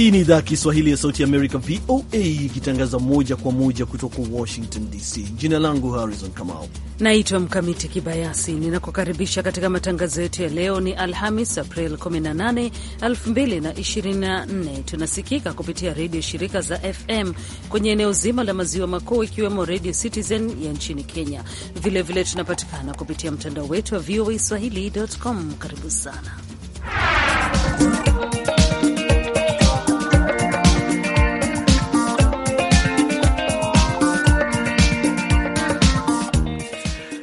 Hii ni idhaa ya Kiswahili ya Sauti ya Amerika, VOA, ikitangaza moja kwa moja kutoka Washington DC. Jina langu Harrison Kamau, naitwa Mkamiti Kibayasi, ninakukaribisha katika matangazo yetu ya leo. Ni Alhamis, April 18, 2024. Tunasikika kupitia redio shirika za FM kwenye eneo zima la maziwa makuu, ikiwemo Redio Citizen ya nchini Kenya. Vilevile vile tunapatikana kupitia mtandao wetu wa VOA swahili.com. Karibu sana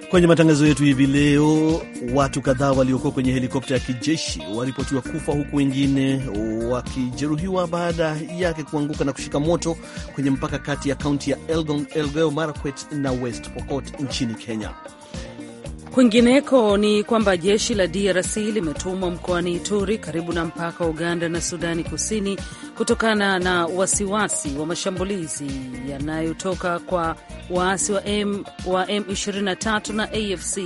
Kwenye matangazo yetu hivi leo, watu kadhaa waliokuwa kwenye helikopta ya kijeshi waripotiwa kufa huku wengine wakijeruhiwa baada yake kuanguka na kushika moto kwenye mpaka kati ya kaunti ya Elgon, Elgeyo Marakwet na West Pokot nchini Kenya. Kwingineko ni kwamba jeshi la DRC limetumwa mkoani Ituri karibu na mpaka wa Uganda na Sudani Kusini kutokana na wasiwasi wa mashambulizi yanayotoka kwa waasi wa M wa M23 na AFC.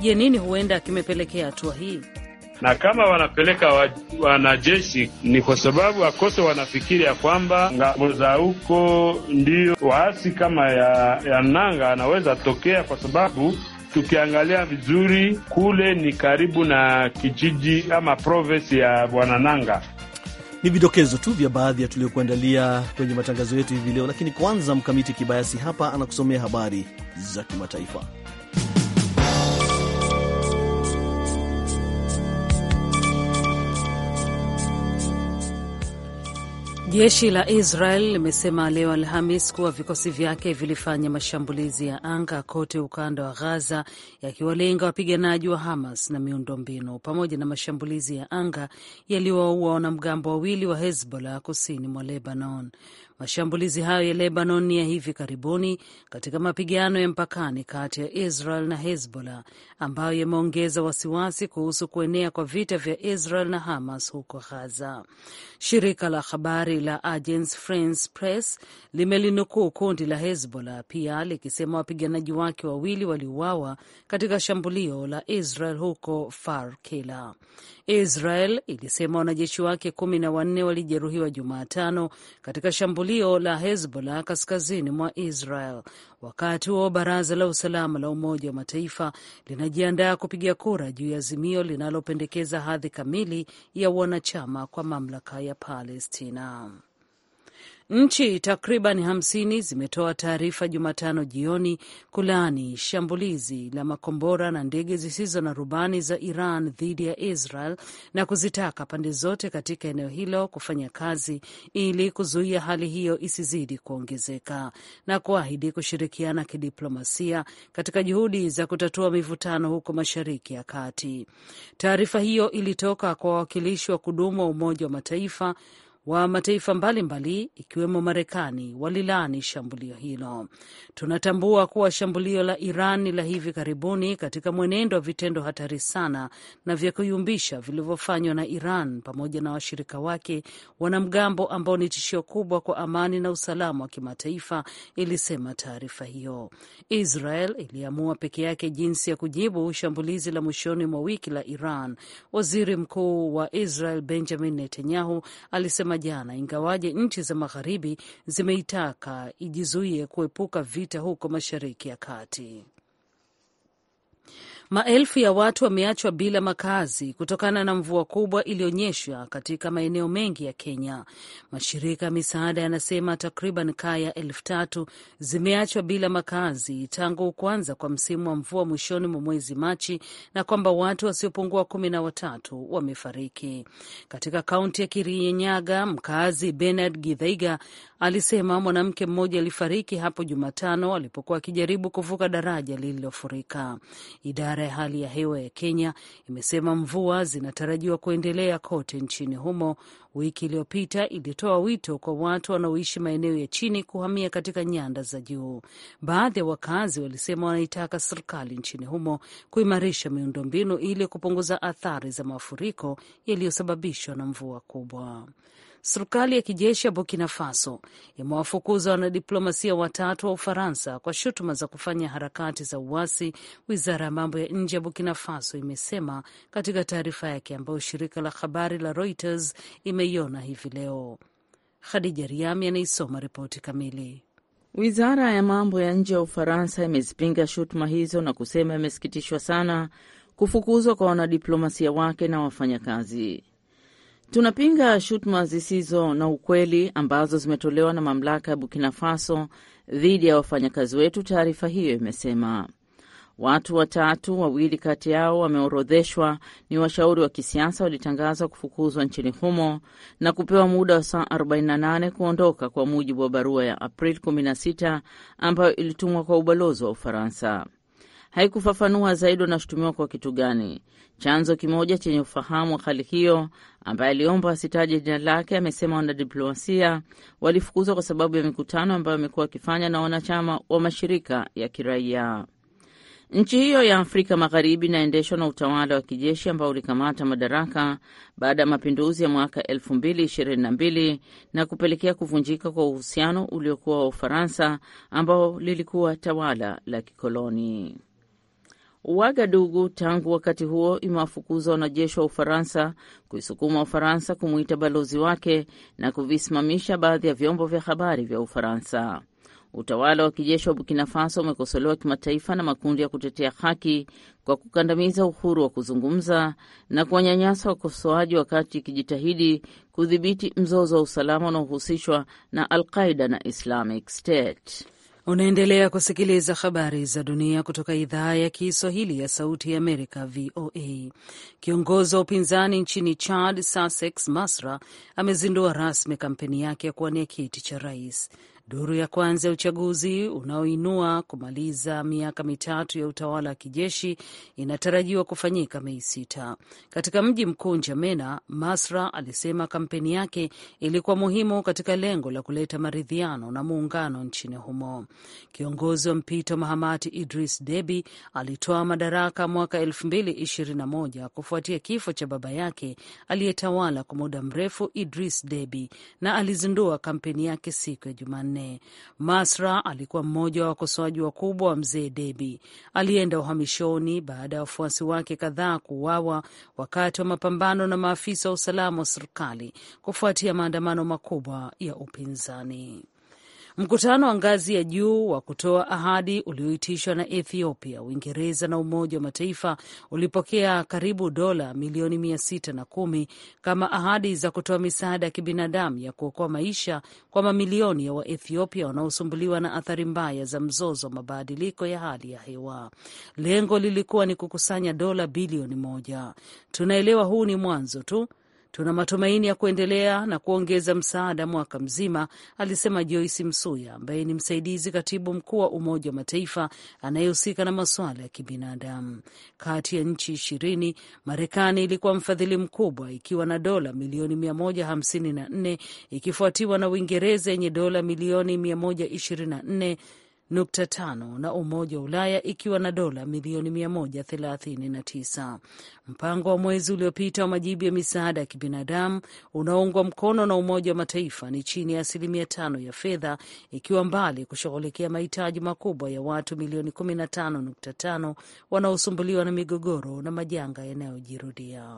Je, nini huenda kimepelekea hatua hii? na kama wanapeleka wanajeshi ni kwa sababu wakose wanafikiri ya kwamba ngambo za huko ndio waasi kama ya, ya nanga anaweza tokea, kwa sababu tukiangalia vizuri kule ni karibu na kijiji ama provensi ya Bwanananga. Ni vidokezo tu vya baadhi ya tuliokuandalia kwenye matangazo yetu hivi leo, lakini kwanza Mkamiti Kibayasi hapa anakusomea habari za kimataifa. Jeshi la Israel limesema leo Alhamis kuwa vikosi vyake vilifanya mashambulizi ya anga kote ukanda wa Ghaza, yakiwalenga wapiganaji wa Hamas na miundombinu, pamoja na mashambulizi ya anga yaliyowaua wanamgambo wawili wa Hezbollah kusini mwa Lebanon. Mashambulizi hayo ya Lebanon ni ya hivi karibuni katika mapigano ya mpakani kati ya Israel na Hezbollah ambayo yameongeza wasiwasi kuhusu kuenea kwa vita vya Israel na Hamas huko Gaza. Shirika la habari la Agence France Presse limelinukuu kundi la Hezbollah pia likisema wapiganaji wake wawili waliuawa katika shambulio la Israel huko Far Kila. Israel ilisema wanajeshi wake kumi na wanne walijeruhiwa Jumatano katika shambulio la Hezbollah kaskazini mwa Israel. Wakati huo baraza la usalama la Umoja wa Mataifa linajiandaa kupiga kura juu ya azimio linalopendekeza hadhi kamili ya wanachama kwa mamlaka ya Palestina. Nchi takriban hamsini zimetoa taarifa Jumatano jioni kulaani shambulizi la makombora na ndege zisizo na rubani za Iran dhidi ya Israel na kuzitaka pande zote katika eneo hilo kufanya kazi ili kuzuia hali hiyo isizidi kuongezeka na kuahidi kushirikiana kidiplomasia katika juhudi za kutatua mivutano huko Mashariki ya Kati. Taarifa hiyo ilitoka kwa wawakilishi wa kudumu wa Umoja wa Mataifa wa mataifa mbalimbali ikiwemo Marekani walilaani shambulio hilo. Tunatambua kuwa shambulio la Iran la hivi karibuni katika mwenendo wa vitendo hatari sana na vya kuyumbisha vilivyofanywa na Iran pamoja na washirika wake wanamgambo ambao ni tishio kubwa kwa amani na usalama wa kimataifa, ilisema taarifa hiyo. Israel iliamua peke yake jinsi ya kujibu shambulizi la mwishoni mwa wiki la Iran. Waziri Mkuu wa Israel Benjamin Netanyahu alisema jana, ingawaje nchi za magharibi zimeitaka ijizuie kuepuka vita huko Mashariki ya Kati. Maelfu ya watu wameachwa bila makazi kutokana na mvua kubwa iliyonyeshwa katika maeneo mengi ya Kenya. Mashirika ya misaada yanasema takriban kaya elfu tatu zimeachwa bila makazi tangu kuanza kwa msimu wa mvua mwishoni mwa mwezi Machi, na kwamba watu wasiopungua kumi na watatu wamefariki. Katika kaunti ya Kirinyaga, mkaazi Benard Githaiga alisema mwanamke mmoja alifariki hapo Jumatano alipokuwa akijaribu kuvuka daraja lililofurika. Idara Idara ya hali ya hewa ya Kenya imesema mvua zinatarajiwa kuendelea kote nchini humo. Wiki iliyopita ilitoa wito kwa watu wanaoishi maeneo ya chini kuhamia katika nyanda za juu. Baadhi ya wakazi walisema wanaitaka serikali nchini humo kuimarisha miundombinu ili kupunguza athari za mafuriko yaliyosababishwa na mvua kubwa serikali ya kijeshi ya Burkina Faso imewafukuza wanadiplomasia watatu wa Ufaransa kwa shutuma za kufanya harakati za uasi, wizara ya mambo ya nje ya Burkina Faso imesema katika taarifa yake ambayo shirika la habari la Reuters imeiona hivi leo. Khadija Riami anaisoma ripoti kamili. Wizara ya mambo ya nje ya Ufaransa imezipinga shutuma hizo na kusema imesikitishwa sana kufukuzwa kwa wanadiplomasia wake na wafanyakazi. Tunapinga shutuma zisizo na ukweli ambazo zimetolewa na mamlaka ya Burkina Faso dhidi ya wafanyakazi wetu, taarifa hiyo imesema. Watu watatu, wawili kati yao wameorodheshwa ni washauri wa kisiasa, walitangazwa kufukuzwa nchini humo na kupewa muda wa saa 48 kuondoka, kwa mujibu wa barua ya Aprili 16 ambayo ilitumwa kwa ubalozi wa Ufaransa haikufafanua zaidi wanashutumiwa kwa kitu gani. Chanzo kimoja chenye ufahamu wa hali hiyo, ambaye aliomba asitaje jina lake, amesema wanadiplomasia walifukuzwa kwa sababu ya mikutano ambayo amekuwa wakifanya na wanachama wa mashirika ya kiraia. Nchi hiyo ya Afrika Magharibi inaendeshwa na utawala wa kijeshi ambao ulikamata madaraka baada ya mapinduzi ya mwaka 2022 na kupelekea kuvunjika kwa uhusiano uliokuwa wa Ufaransa ambao lilikuwa tawala la kikoloni. Wagadugu tangu wakati huo imewafukuza wanajeshi wa Ufaransa, kuisukuma Ufaransa kumwita balozi wake na kuvisimamisha baadhi ya vyombo vya habari vya Ufaransa. Utawala wa kijeshi wa Burkina Faso umekosolewa kimataifa na makundi ya kutetea haki kwa kukandamiza uhuru wa kuzungumza na kuwanyanyasa wakosoaji wakati ikijitahidi kudhibiti mzozo wa usalama unaohusishwa na Alqaida na Islamic State. Unaendelea kusikiliza habari za dunia kutoka idhaa ya Kiswahili ya Sauti ya Amerika, VOA. Kiongozi wa upinzani nchini Chad, Sassex Masra, amezindua rasmi kampeni yake ya kuwania kiti cha rais duru ya kwanza ya uchaguzi unaoinua kumaliza miaka mitatu ya utawala wa kijeshi inatarajiwa kufanyika Mei sita katika mji mkuu Njamena. Masra alisema kampeni yake ilikuwa muhimu katika lengo la kuleta maridhiano na muungano nchini humo. Kiongozi wa mpito Mahamati Idris Debi alitoa madaraka mwaka 2021 kufuatia kifo cha baba yake aliyetawala kwa muda mrefu Idris Debi, na alizindua kampeni yake siku ya Jumanne nane. Masra alikuwa mmoja wa wakosoaji wakubwa wa mzee Debi. Alienda uhamishoni baada ya wafuasi wake kadhaa kuuawa wakati wa mapambano na maafisa wa usalama wa serikali kufuatia maandamano makubwa ya upinzani. Mkutano wa ngazi ya juu wa kutoa ahadi ulioitishwa na Ethiopia, Uingereza na Umoja wa Mataifa ulipokea karibu dola milioni mia sita na kumi kama ahadi za kutoa misaada ya kibinadamu ya kuokoa maisha kwa mamilioni ya Waethiopia wanaosumbuliwa na athari mbaya za mzozo wa mabadiliko ya hali ya hewa. Lengo lilikuwa ni kukusanya dola bilioni moja. Tunaelewa huu ni mwanzo tu, Tuna matumaini ya kuendelea na kuongeza msaada mwaka mzima, alisema Joyce Msuya ambaye ni msaidizi katibu mkuu wa Umoja wa Mataifa anayehusika na masuala ya kibinadamu. Kati ya nchi ishirini, Marekani ilikuwa mfadhili mkubwa ikiwa na dola milioni 154 ikifuatiwa na Uingereza yenye dola milioni 124 nukta tano na Umoja wa Ulaya ikiwa na dola milioni 139. Mpango wa mwezi uliopita wa majibu ya misaada ya kibinadamu unaoungwa mkono na Umoja wa Mataifa ni chini ya asilimia tano ya fedha, ikiwa mbali kushughulikia mahitaji makubwa ya watu milioni 15.5 wanaosumbuliwa na migogoro na majanga yanayojirudia.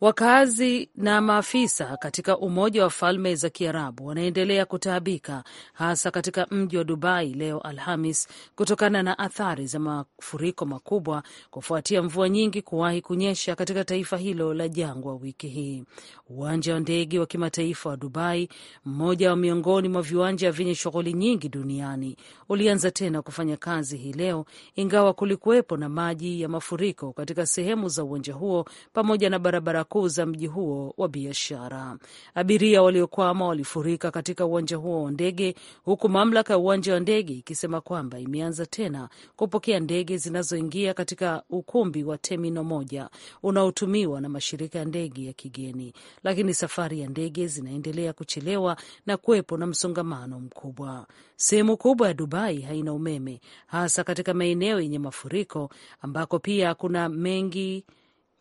Wakazi na maafisa katika Umoja wa Falme za Kiarabu wanaendelea kutaabika hasa katika mji wa Dubai leo Alhamis kutokana na athari za mafuriko makubwa kufuatia mvua nyingi kuwahi kunyesha katika taifa hilo la jangwa wiki hii. Uwanja wa ndege wa kimataifa wa Dubai, mmoja wa miongoni mwa viwanja vyenye shughuli nyingi duniani, ulianza tena kufanya kazi hii leo, ingawa kulikuwepo na maji ya mafuriko katika sehemu za uwanja huo pamoja na barabara kuu za mji huo wa biashara. Abiria waliokwama walifurika katika uwanja huo wa ndege, huku mamlaka ya uwanja wa ndege ikisema kwamba imeanza tena kupokea ndege zinazoingia katika ukumbi wa Temino moja unaotumiwa na mashirika ya ndege ya kigeni, lakini safari ya ndege zinaendelea kuchelewa na kuwepo na msongamano mkubwa. Sehemu kubwa ya Dubai haina umeme, hasa katika maeneo yenye mafuriko ambako pia kuna mengi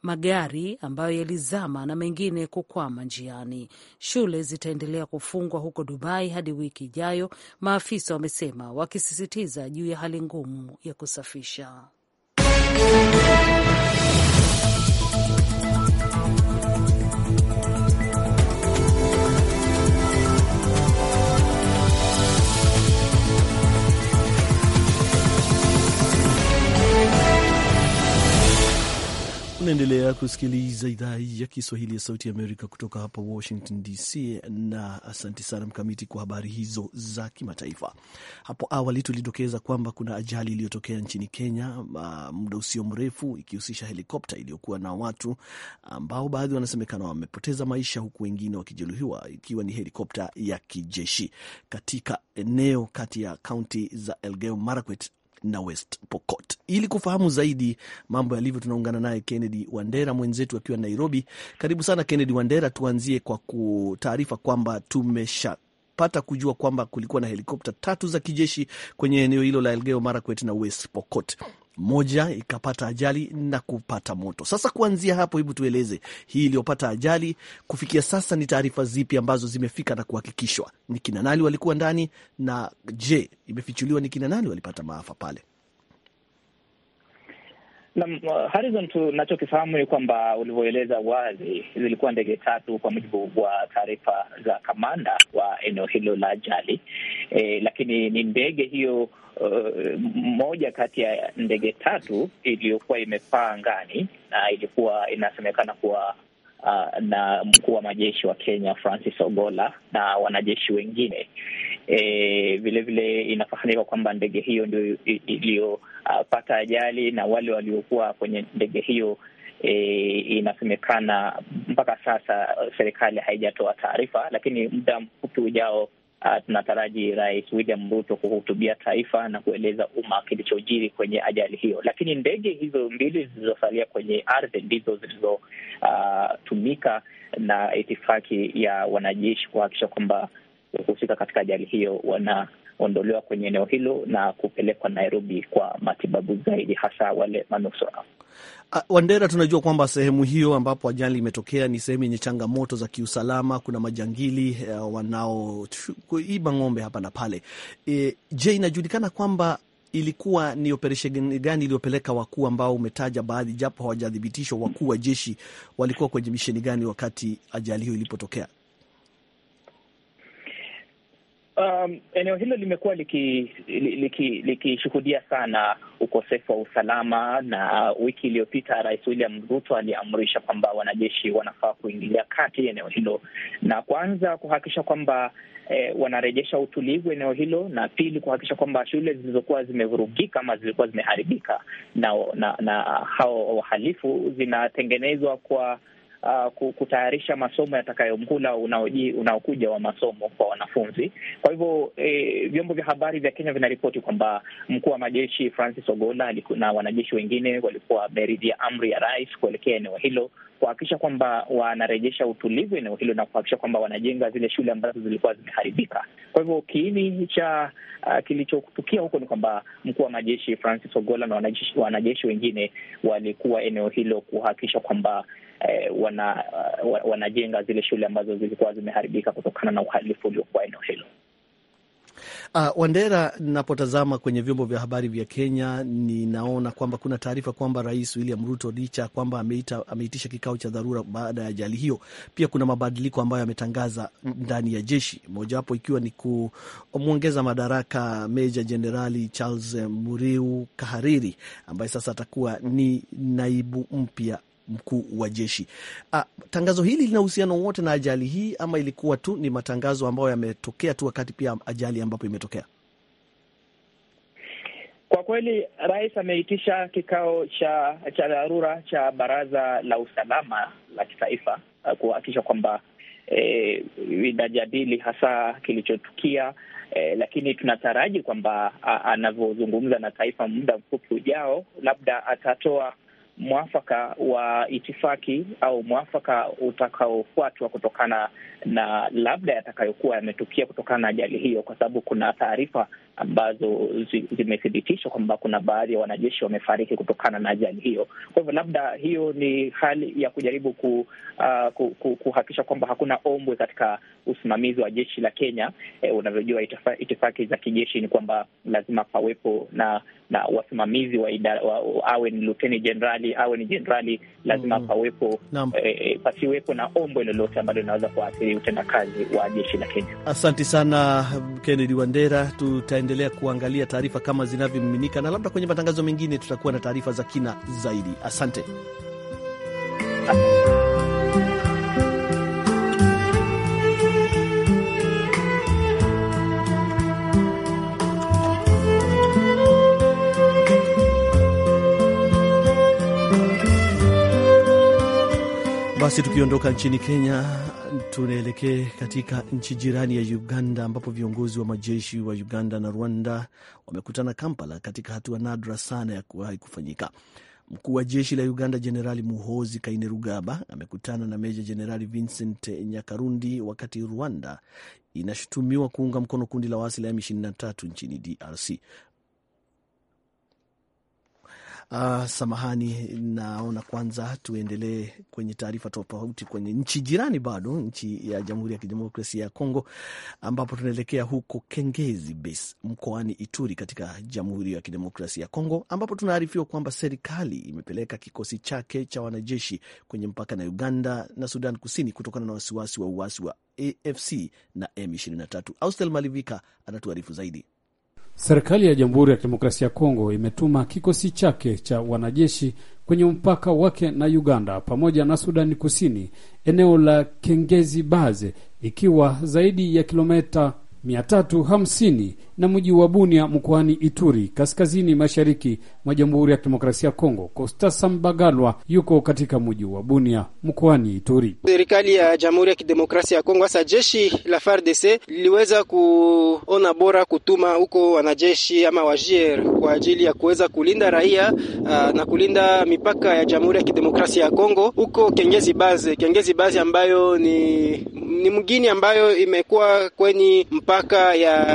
magari ambayo yalizama na mengine kukwama njiani. Shule zitaendelea kufungwa huko Dubai hadi wiki ijayo, maafisa wamesema, wakisisitiza juu ya hali ngumu ya kusafisha Unaendelea kusikiliza idhaa ya Kiswahili ya Sauti Amerika kutoka hapa Washington DC, na asante sana Mkamiti kwa habari hizo za kimataifa. Hapo awali tulidokeza kwamba kuna ajali iliyotokea nchini Kenya muda usio mrefu, ikihusisha helikopta iliyokuwa na watu ambao baadhi wanasemekana wamepoteza maisha, huku wengine wakijeruhiwa, ikiwa ni helikopta ya kijeshi katika eneo kati ya kaunti za Elgeyo Marakwet na West Pokot. Ili kufahamu zaidi mambo yalivyo, tunaungana naye Kennedy Wandera mwenzetu akiwa Nairobi. Karibu sana Kennedy Wandera, tuanzie kwa kutaarifa kwamba tumeshapata kujua kwamba kulikuwa na helikopta tatu za kijeshi kwenye eneo hilo la Elgeyo Marakwet na West Pokot moja ikapata ajali na kupata moto. Sasa kuanzia hapo, hebu tueleze hii iliyopata ajali kufikia sasa, ni taarifa zipi ambazo zimefika na kuhakikishwa? Ni kina nani walikuwa ndani, na je, imefichuliwa ni kina nani walipata maafa pale? Nam uh, Harrison, tunachokifahamu ni kwamba ulivyoeleza wazi, zilikuwa ndege tatu kwa mujibu wa taarifa za kamanda wa eneo hilo la ajali. E, lakini ni ndege hiyo uh, moja kati ya ndege tatu iliyokuwa imepaa angani na ilikuwa inasemekana kuwa uh, na mkuu wa majeshi wa Kenya Francis Ogola na wanajeshi wengine. Vilevile vile inafahamika kwamba ndege hiyo ndio iliyopata uh, ajali na wale waliokuwa kwenye ndege hiyo E, inasemekana mpaka sasa serikali haijatoa taarifa, lakini muda mfupi ujao Uh, tunataraji Rais William Ruto kuhutubia taifa na kueleza umma kilichojiri kwenye ajali hiyo, lakini ndege hizo mbili zilizosalia kwenye ardhi ndizo zilizotumika uh, na itifaki ya wanajeshi kuhakikisha kwamba kuhusika katika ajali hiyo wanaondolewa kwenye eneo hilo na kupelekwa Nairobi kwa matibabu zaidi, hasa wale manusura. Ah, Wandera, tunajua kwamba sehemu hiyo ambapo ajali imetokea ni sehemu yenye changamoto za kiusalama. Kuna majangili eh, wanaoiba ng'ombe hapa na pale. E, je, inajulikana kwamba ilikuwa ni operesheni gani iliyopeleka wakuu ambao umetaja baadhi, japo hawajathibitishwa wakuu wa jeshi walikuwa kwenye misheni gani wakati ajali hiyo ilipotokea? Um, eneo hilo limekuwa likishuhudia liki, liki sana ukosefu wa usalama, na wiki iliyopita Rais William Ruto aliamrisha kwamba wanajeshi wanafaa kuingilia kati eneo hilo na kwanza kuhakikisha kwamba eh, wanarejesha utulivu eneo hilo, na pili kuhakikisha kwamba shule zilizokuwa zimevurugika ama zilikuwa zimeharibika na, na, na hao wahalifu zinatengenezwa kwa uh, kutayarisha masomo yatakayomhula unaokuja wa masomo kwa wanafunzi. Kwa hivyo eh, vyombo vya habari vya Kenya vinaripoti kwamba mkuu wa majeshi Francis Ogola na wanajeshi wengine walikuwa wameridhia amri ya rais kuelekea eneo hilo kuhakikisha kwamba wanarejesha utulivu eneo hilo na kuhakikisha kwamba wanajenga zile shule ambazo zilikuwa zimeharibika. Kwa hivyo kiini cha uh, kilichotukia huko ni kwamba mkuu wa majeshi Francis Ogola na wanajeshi, wanajeshi wengine walikuwa eneo hilo kuhakikisha kwamba eh, wana, uh, wanajenga zile shule ambazo zilikuwa zimeharibika kutokana na uhalifu uliokuwa eneo hilo. Uh, Wandera, napotazama kwenye vyombo vya habari vya Kenya ninaona kwamba kuna taarifa kwamba Rais William Ruto licha kwamba ameita, ameitisha kikao cha dharura baada ya ajali hiyo, pia kuna mabadiliko ambayo yametangaza ndani ya jeshi, mojawapo ikiwa ni kumwongeza madaraka Meja Jenerali Charles Muriu Kahariri ambaye sasa atakuwa ni naibu mpya mkuu wa jeshi. A, ah, tangazo hili lina uhusiano wote na ajali hii ama ilikuwa tu ni matangazo ambayo yametokea tu wakati pia ajali ambapo imetokea? Kwa kweli rais ameitisha kikao cha cha dharura cha baraza la usalama la kitaifa eh, kuhakikisha kwamba eh, inajadili hasa kilichotukia eh, lakini tunataraji kwamba anavyozungumza na taifa muda mfupi ujao, labda atatoa mwafaka wa itifaki au mwafaka utakaofuatwa kutokana na labda yatakayokuwa yametukia kutokana na ajali hiyo, kwa sababu kuna taarifa ambazo zimethibitishwa kwamba kuna baadhi ya wanajeshi wamefariki kutokana na ajali hiyo. Kwa hivyo labda hiyo ni hali ya kujaribu ku, uh, ku, ku, kuhakikisha kwamba hakuna ombwe katika usimamizi wa jeshi la Kenya. Eh, unavyojua itifaki za kijeshi ni kwamba lazima pawepo na na wasimamizi wa idara, wa, awe ni luteni jenerali awe ni jenerali, lazima mm pawepo eh, pasiwepo na ombwe lolote ambalo linaweza kuathiri utendakazi wa jeshi la Kenya. Asante sana Kennedy Wandera tuta tutaendelea kuangalia taarifa kama zinavyomiminika, na labda kwenye matangazo mengine tutakuwa na taarifa za kina zaidi. Asante. Basi tukiondoka nchini Kenya Tunaelekea katika nchi jirani ya Uganda ambapo viongozi wa majeshi wa Uganda na Rwanda wamekutana Kampala katika hatua nadra sana ya kuwahi kufanyika. Mkuu wa jeshi la Uganda Jenerali Muhozi Kainerugaba amekutana na Meja Jenerali Vincent Nyakarundi wakati Rwanda inashutumiwa kuunga mkono kundi la waasi la M23 nchini DRC. Uh, samahani, naona kwanza tuendelee kwenye taarifa tofauti kwenye nchi jirani, bado nchi ya Jamhuri ya Kidemokrasia ya Kongo, ambapo tunaelekea huko Kengezi Base mkoani Ituri katika Jamhuri ya Kidemokrasia ya Kongo, ambapo tunaarifiwa kwamba serikali imepeleka kikosi chake cha wanajeshi kwenye mpaka na Uganda na Sudan Kusini kutokana na wasiwasi wa uasi wa AFC na M23. Austel Malivika anatuarifu zaidi. Serikali ya Jamhuri ya Kidemokrasia ya Kongo imetuma kikosi chake cha wanajeshi kwenye mpaka wake na Uganda pamoja na Sudani Kusini, eneo la Kengezi Baze, ikiwa zaidi ya kilomita 350 na mji wa Bunia mkoani Ituri, kaskazini mashariki mwa Jamhuri ya Kidemokrasia ya Kongo. Kostasa Mbagalwa yuko katika mji wa Bunia mkoani Ituri. Serikali ya Jamhuri ya Kidemokrasia ya Kongo, hasa jeshi la FARDC liliweza kuona bora kutuma huko wanajeshi ama wajier kwa ajili ya kuweza kulinda raia ah, na kulinda mipaka ya Jamhuri ya Kidemokrasia ya Kongo huko Kengezi Baze, Kengezi Baze ambayo ni, ni mgini ambayo imekuwa kwenye mpaka ya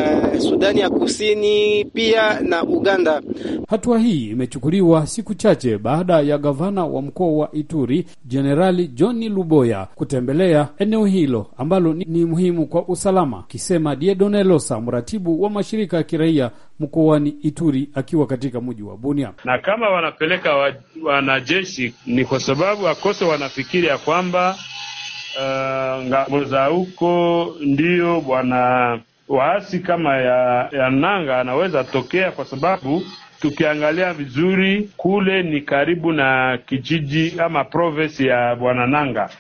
Sudan Sudani ya Kusini pia na Uganda. Hatua hii imechukuliwa siku chache baada ya gavana wa mkoa wa Ituri Jenerali johni Luboya kutembelea eneo hilo ambalo ni, ni muhimu kwa usalama, akisema Diedone Losa, mratibu wa mashirika ya kiraia mkoani Ituri, akiwa katika mji wa Bunia. Na kama wanapeleka wa, wanajeshi ni kwa sababu akose wanafikiri ya kwamba uh, eh, ngambo za huko ndio bwana waasi kama ya, ya nanga anaweza tokea, kwa sababu tukiangalia vizuri kule ni karibu na kijiji ama province ya bwana Nanga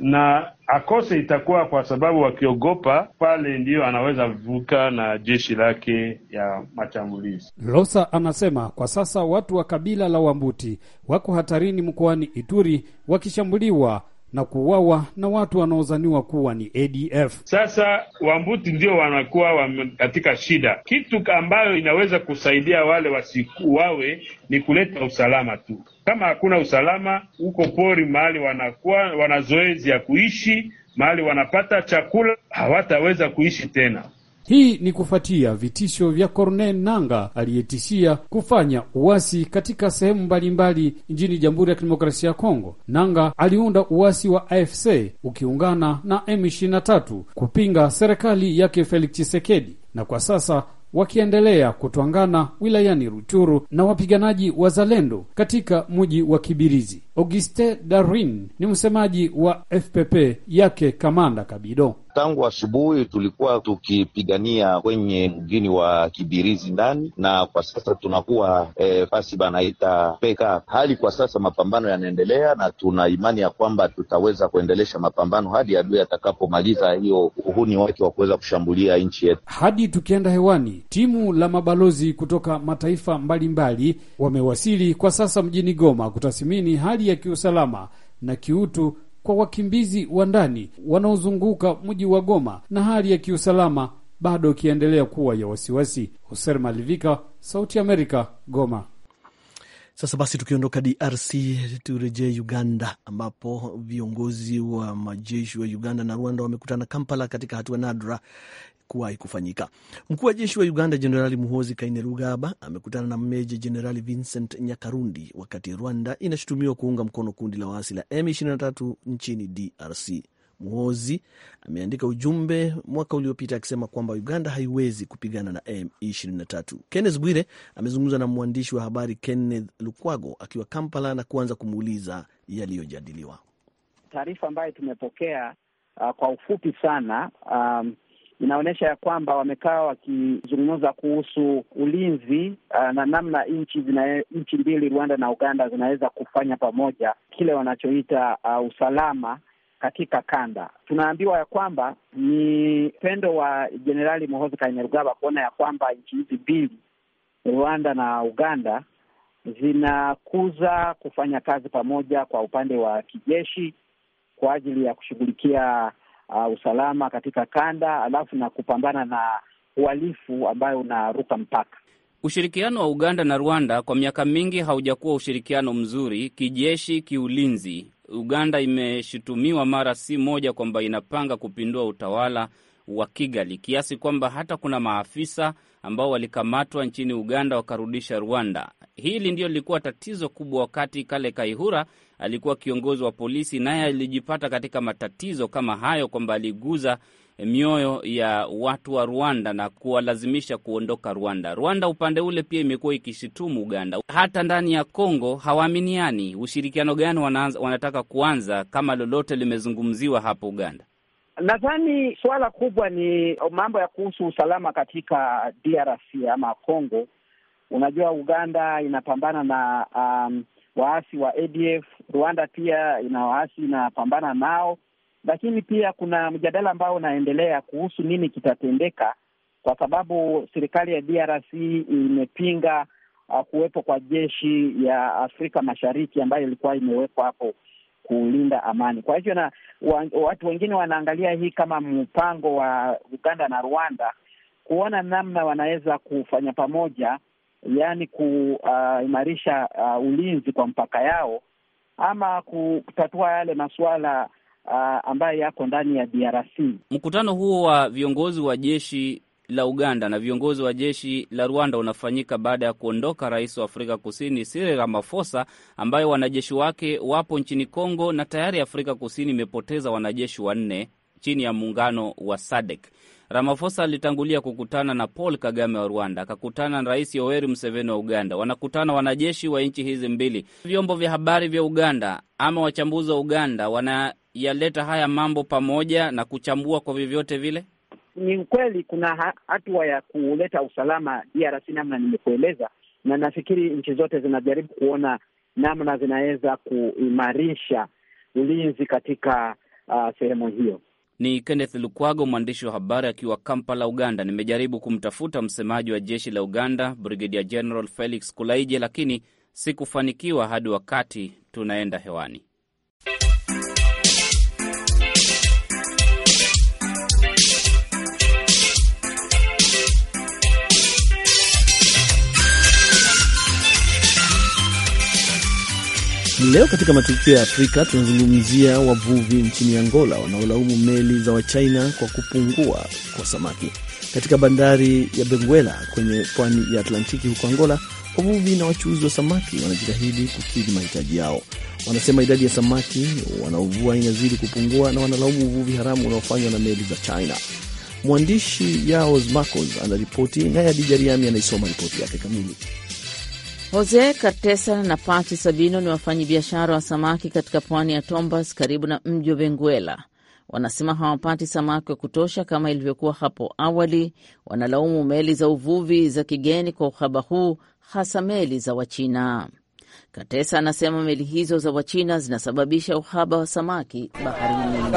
na akose itakuwa kwa sababu wakiogopa pale, ndiyo anaweza vuka na jeshi lake ya mashambulizi. Losa anasema kwa sasa watu wa kabila la Wambuti wako hatarini mkoani Ituri wakishambuliwa na kuuawa na watu wanaozaniwa kuwa ni ADF. Sasa Wambuti ndio wanakuwa katika shida. Kitu ambayo inaweza kusaidia wale wasikuwawe ni kuleta usalama tu. Kama hakuna usalama huko pori, mahali wanakuwa wana zoezi ya kuishi, mahali wanapata chakula, hawataweza kuishi tena. Hii ni kufuatia vitisho vya Corne nanga aliyetishia kufanya uasi katika sehemu mbalimbali nchini Jamhuri ya Kidemokrasia ya Kongo. nanga aliunda uasi wa AFC ukiungana na M23 kupinga serikali yake Felix chisekedi na kwa sasa wakiendelea kutwangana wilayani Ruchuru na wapiganaji wa Zalendo katika mji wa Kibirizi. Auguste Darwin ni msemaji wa FPP yake Kamanda Kabido Tangu asubuhi tulikuwa tukipigania kwenye mgini wa Kibirizi ndani, na kwa sasa tunakuwa e, fasi banaita peka. Hali kwa sasa mapambano yanaendelea, na tuna imani ya kwamba tutaweza kuendelesha mapambano hadi adui atakapomaliza hiyo uhuni wake wa kuweza kushambulia nchi yetu. Hadi tukienda hewani, timu la mabalozi kutoka mataifa mbalimbali wamewasili kwa sasa mjini Goma kutathmini hali ya kiusalama na kiutu kwa wakimbizi wa ndani wanaozunguka mji wa Goma na hali ya kiusalama bado ikiendelea kuwa ya wasiwasi. Hoser Malivika, Sauti ya Amerika, Goma. Sasa basi tukiondoka DRC turejee Uganda, ambapo viongozi wa majeshi wa Uganda na Rwanda wamekutana Kampala katika hatua nadra kuwahi kufanyika. Mkuu wa jeshi wa Uganda Jenerali Muhozi Kainerugaba amekutana na Meja Jenerali Vincent Nyakarundi, wakati Rwanda inashutumiwa kuunga mkono kundi la waasi la M23 nchini DRC mwozi ameandika ujumbe mwaka uliopita akisema kwamba Uganda haiwezi kupigana na M23. Kenneth Bwire amezungumza na mwandishi wa habari Kenneth Lukwago akiwa Kampala na kuanza kumuuliza yaliyojadiliwa. Taarifa ambayo tumepokea uh, kwa ufupi sana um, inaonyesha ya kwamba wamekaa wakizungumza kuhusu ulinzi uh, na namna nchi nchi mbili Rwanda na Uganda zinaweza kufanya pamoja kile wanachoita uh, usalama katika kanda. Tunaambiwa ya kwamba ni pendo wa Jenerali Muhoozi Kainerugaba kuona ya kwamba nchi hizi mbili, Rwanda na Uganda, zinakuza kufanya kazi pamoja kwa upande wa kijeshi kwa ajili ya kushughulikia uh, usalama katika kanda, alafu na kupambana na uhalifu ambayo unaruka mpaka. Ushirikiano wa Uganda na Rwanda kwa miaka mingi haujakuwa ushirikiano mzuri kijeshi, kiulinzi. Uganda imeshutumiwa mara si moja kwamba inapanga kupindua utawala wa Kigali, kiasi kwamba hata kuna maafisa ambao walikamatwa nchini Uganda wakarudisha Rwanda. Hili ndio lilikuwa tatizo kubwa wakati Kale Kaihura alikuwa kiongozi wa polisi, naye alijipata katika matatizo kama hayo, kwamba aliguza Eh, mioyo ya watu wa Rwanda na kuwalazimisha kuondoka Rwanda. Rwanda upande ule pia imekuwa ikishitumu Uganda. Hata ndani ya Kongo hawaaminiani. Ushirikiano gani wanaanza, wanataka kuanza kama lolote limezungumziwa hapo Uganda? Nadhani suala kubwa ni mambo ya kuhusu usalama katika DRC ama Kongo. Unajua, Uganda inapambana na um, waasi wa ADF. Rwanda pia ina waasi inapambana nao lakini pia kuna mjadala ambao unaendelea kuhusu nini kitatendeka, kwa sababu serikali ya DRC imepinga uh, kuwepo kwa jeshi ya Afrika Mashariki ambayo ilikuwa imewekwa hapo kulinda amani. Kwa hivyo na wa, watu wengine wanaangalia hii kama mpango wa Uganda na Rwanda kuona namna wanaweza kufanya pamoja, yaani kuimarisha uh, uh, ulinzi kwa mpaka yao ama kutatua yale masuala uh, ambayo yako ndani ya DRC. Mkutano huo wa viongozi wa jeshi la Uganda na viongozi wa jeshi la Rwanda unafanyika baada ya kuondoka rais wa Afrika Kusini Cyril Ramaphosa, ambaye wanajeshi wake wapo nchini Kongo, na tayari Afrika Kusini imepoteza wanajeshi wanne chini ya muungano wa SADC. Ramaphosa alitangulia kukutana na Paul Kagame wa Rwanda, akakutana na Rais Yoweri Museveni wa Uganda. Wanakutana wanajeshi wa nchi hizi mbili. Vyombo vya habari vya Uganda ama wachambuzi wa Uganda wana yaleta haya mambo pamoja na kuchambua kwa vyovyote vile? Ni ukweli kuna hatua ya kuleta usalama DRC namna nimekueleza, na nafikiri nchi zote zinajaribu kuona namna zinaweza kuimarisha ulinzi katika uh, sehemu hiyo. Ni Kenneth Lukwago, mwandishi wa habari akiwa Kampala, Uganda. Nimejaribu kumtafuta msemaji wa jeshi la Uganda, Brigedia General Felix Kulaije, lakini sikufanikiwa hadi wakati tunaenda hewani. Leo katika matukio ya Afrika tunazungumzia wavuvi nchini Angola wanaolaumu meli za Wachina kwa kupungua kwa samaki katika bandari ya Benguela kwenye pwani ya Atlantiki huko Angola. Wavuvi na wachuuzi wa samaki wanajitahidi kukidhi mahitaji yao. Wanasema idadi ya samaki wanaovua inazidi kupungua na wanalaumu uvuvi haramu unaofanywa na meli za China. Mwandishi Yaos Marcos anaripoti naye Adija Riami anaisoma ripoti yake kamili. Jose Cartesa na Pati Sabino ni biashara wa samaki katika pwani ya Tombas karibu na mji wa Benguela. Wanasema hawapati samaki wa kutosha kama ilivyokuwa hapo awali. Wanalaumu meli za uvuvi za kigeni kwa uhaba huu, hasa meli za Wachina. Katesa anasema meli hizo za Wachina zinasababisha uhaba wa samaki baharini.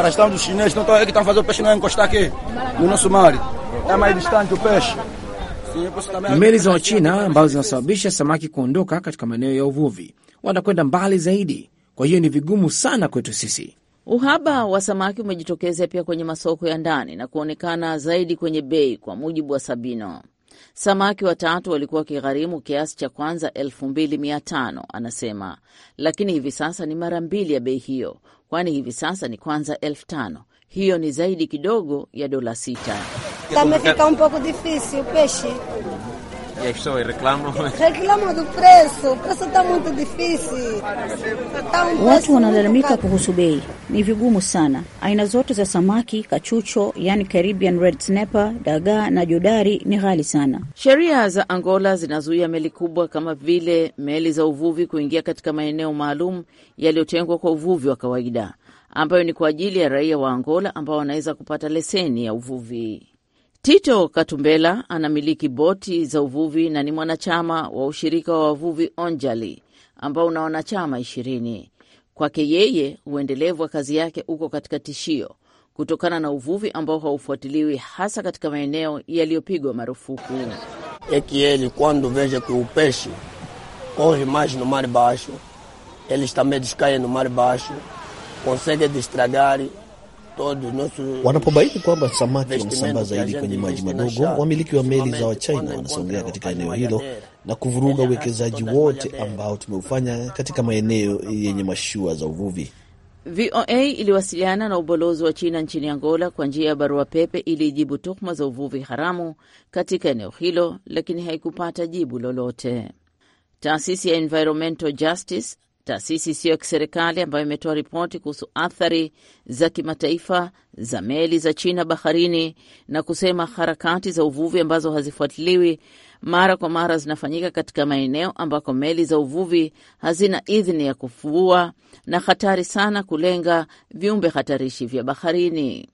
Meli za Wachina ambazo zinasababisha samaki kuondoka katika maeneo ya uvuvi wanakwenda mbali zaidi, kwa hiyo ni vigumu sana kwetu sisi. Uhaba wa samaki umejitokeza pia kwenye masoko ya ndani na kuonekana zaidi kwenye bei. Kwa mujibu wa Sabino, samaki watatu walikuwa wakigharimu kiasi cha kwanza elfu mbili mia tano anasema, lakini hivi sasa ni mara mbili ya bei hiyo, kwani hivi sasa ni kwanza elfu tano Hiyo ni zaidi kidogo ya dola sita também fica um pouco difícil o peixe. E as pessoas reclamam? Reclamam do preço, o preço está muito difícil. Tá um Watu wanalalamika kuhusu bei, ni vigumu sana. Aina zote za samaki, kachucho, yani Caribbean red snapper, dagaa na jodari ni ghali sana. Sheria za Angola zinazuia meli kubwa kama vile meli za uvuvi kuingia katika maeneo maalum yaliyotengwa kwa uvuvi wa kawaida, ambayo ni kwa ajili ya raia wa Angola ambao wanaweza kupata leseni ya uvuvi. Tito Katumbela anamiliki boti za uvuvi na ni mwanachama wa ushirika wa wavuvi Onjali ambao una wanachama ishirini. Kwake yeye, uendelevu wa kazi yake uko katika tishio kutokana na uvuvi ambao haufuatiliwi hasa katika maeneo yaliyopigwa marufuku. Eki kwando quando veja que o peixe corre mais no mar baixo ele está mediscaia no mar baixo consegue destragar Wanapobaini kwamba samaki wamesambaa zaidi kwenye maji madogo, wamiliki wa meli za Wachina wanasongea katika eneo hilo na kuvuruga uwekezaji wote ambao tumeufanya katika maeneo yenye mashua za uvuvi. VOA iliwasiliana na ubalozi wa China nchini Angola kwa njia ya barua pepe ili ijibu tuhuma za uvuvi haramu katika eneo hilo, lakini haikupata jibu lolote. Taasisi ya Environmental Justice Taasisi isiyo ya kiserikali ambayo imetoa ripoti kuhusu athari za kimataifa za meli za China baharini na kusema harakati za uvuvi ambazo hazifuatiliwi mara kwa mara zinafanyika katika maeneo ambako meli za uvuvi hazina idhini ya kufua na hatari sana kulenga viumbe hatarishi vya baharini.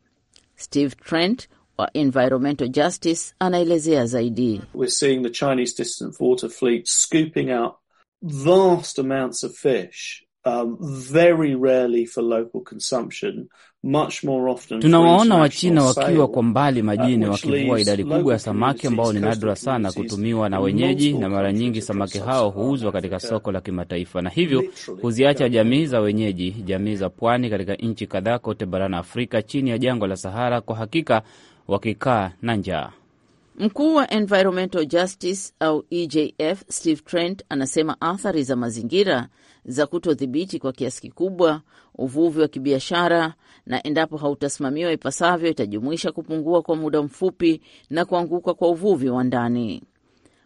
Steve Trent wa Environmental Justice anaelezea zaidi. We're seeing the Chinese distant water fleet scooping out vast amounts of fish Um, very rarely for local consumption, much more often. Tunawaona Wachina wakiwa kwa mbali uh, majini wakivua idadi kubwa ya samaki ambao ni nadra sana kutumiwa na wenyeji, na mara nyingi samaki hao huuzwa katika soko la kimataifa na hivyo huziacha jamii za wenyeji, jamii za pwani katika nchi kadhaa kote barani Afrika chini ya jangwa la Sahara, kwa hakika wakikaa na njaa. Mkuu wa Environmental Justice au EJF Steve Trent anasema athari za mazingira za kutodhibiti kwa kiasi kikubwa uvuvi wa kibiashara, na endapo hautasimamiwa ipasavyo, itajumuisha kupungua kwa muda mfupi na kuanguka kwa uvuvi wa ndani.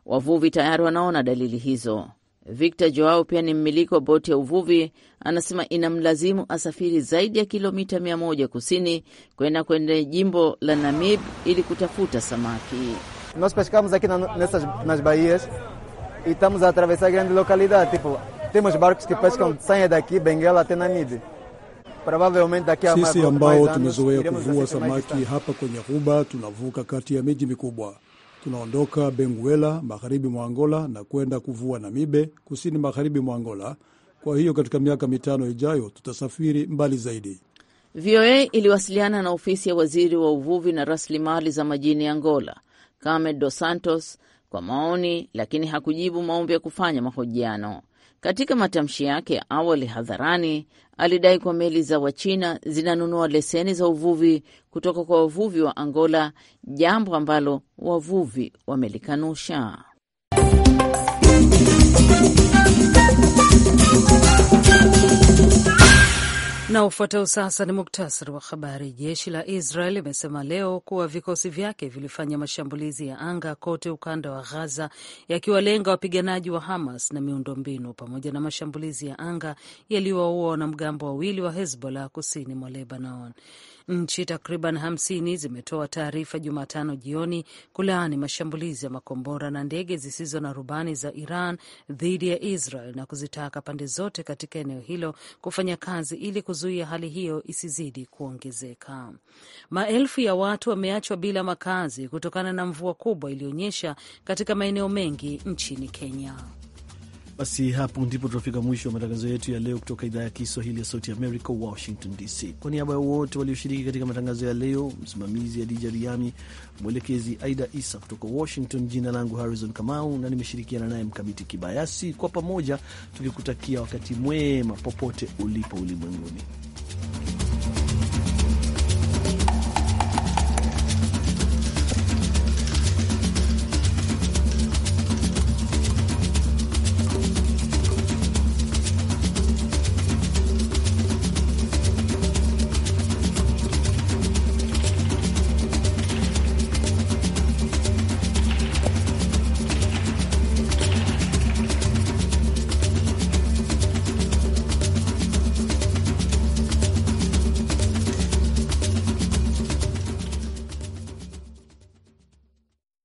Wavuvi tayari wanaona dalili hizo. Victor Joao pia ni mmiliki wa boti ya uvuvi, anasema inamlazimu asafiri zaidi ya kilomita mia moja kusini kwenda kwenye jimbo la Namib ili kutafuta samaki. pescamos aqui na, nessas, nas e estamos a atravessar grande localidade tipo, temos barcos que pescam daqui Benguela até Sisi ambao tumezoea kuvua samaki hapa kwenye ghuba, tunavuka kati ya miji mikubwa tunaondoka Benguela magharibi mwa Angola na kwenda kuvua Namibe kusini magharibi mwa Angola. Kwa hiyo katika miaka mitano ijayo tutasafiri mbali zaidi. VOA iliwasiliana na ofisi ya waziri wa uvuvi na rasilimali za majini Angola, came Dos Santos, kwa maoni, lakini hakujibu maombi ya kufanya mahojiano. Katika matamshi yake ya awali hadharani, alidai kuwa meli za Wachina zinanunua leseni za uvuvi kutoka kwa wavuvi wa Angola, jambo ambalo wavuvi wamelikanusha. Na ufuatao sasa ni muktasari wa habari. Jeshi la Israel limesema leo kuwa vikosi vyake vilifanya mashambulizi ya anga kote ukanda wa Ghaza, yakiwalenga wapiganaji wa Hamas na miundombinu, pamoja na mashambulizi ya anga yaliyowaua wanamgambo wawili wa Hezbollah kusini mwa Lebanon. Nchi takriban hamsini zimetoa taarifa Jumatano jioni kulaani mashambulizi ya makombora na ndege zisizo na rubani za Iran dhidi ya Israel na kuzitaka pande zote katika eneo hilo kufanya kazi ili kuzuia hali hiyo isizidi kuongezeka. Maelfu ya watu wameachwa bila makazi kutokana na mvua kubwa iliyonyesha katika maeneo mengi nchini Kenya. Basi hapo ndipo tunafika mwisho wa matangazo yetu ya leo kutoka idhaa ya Kiswahili ya Sauti America, Washington DC. Kwa niaba ya wote walioshiriki katika matangazo ya leo, msimamizi Adija Riami, mwelekezi Aida Isa kutoka Washington, jina langu Harrison Kamau na nimeshirikiana naye Mkamiti Kibayasi, kwa pamoja tukikutakia wakati mwema popote ulipo ulimwenguni.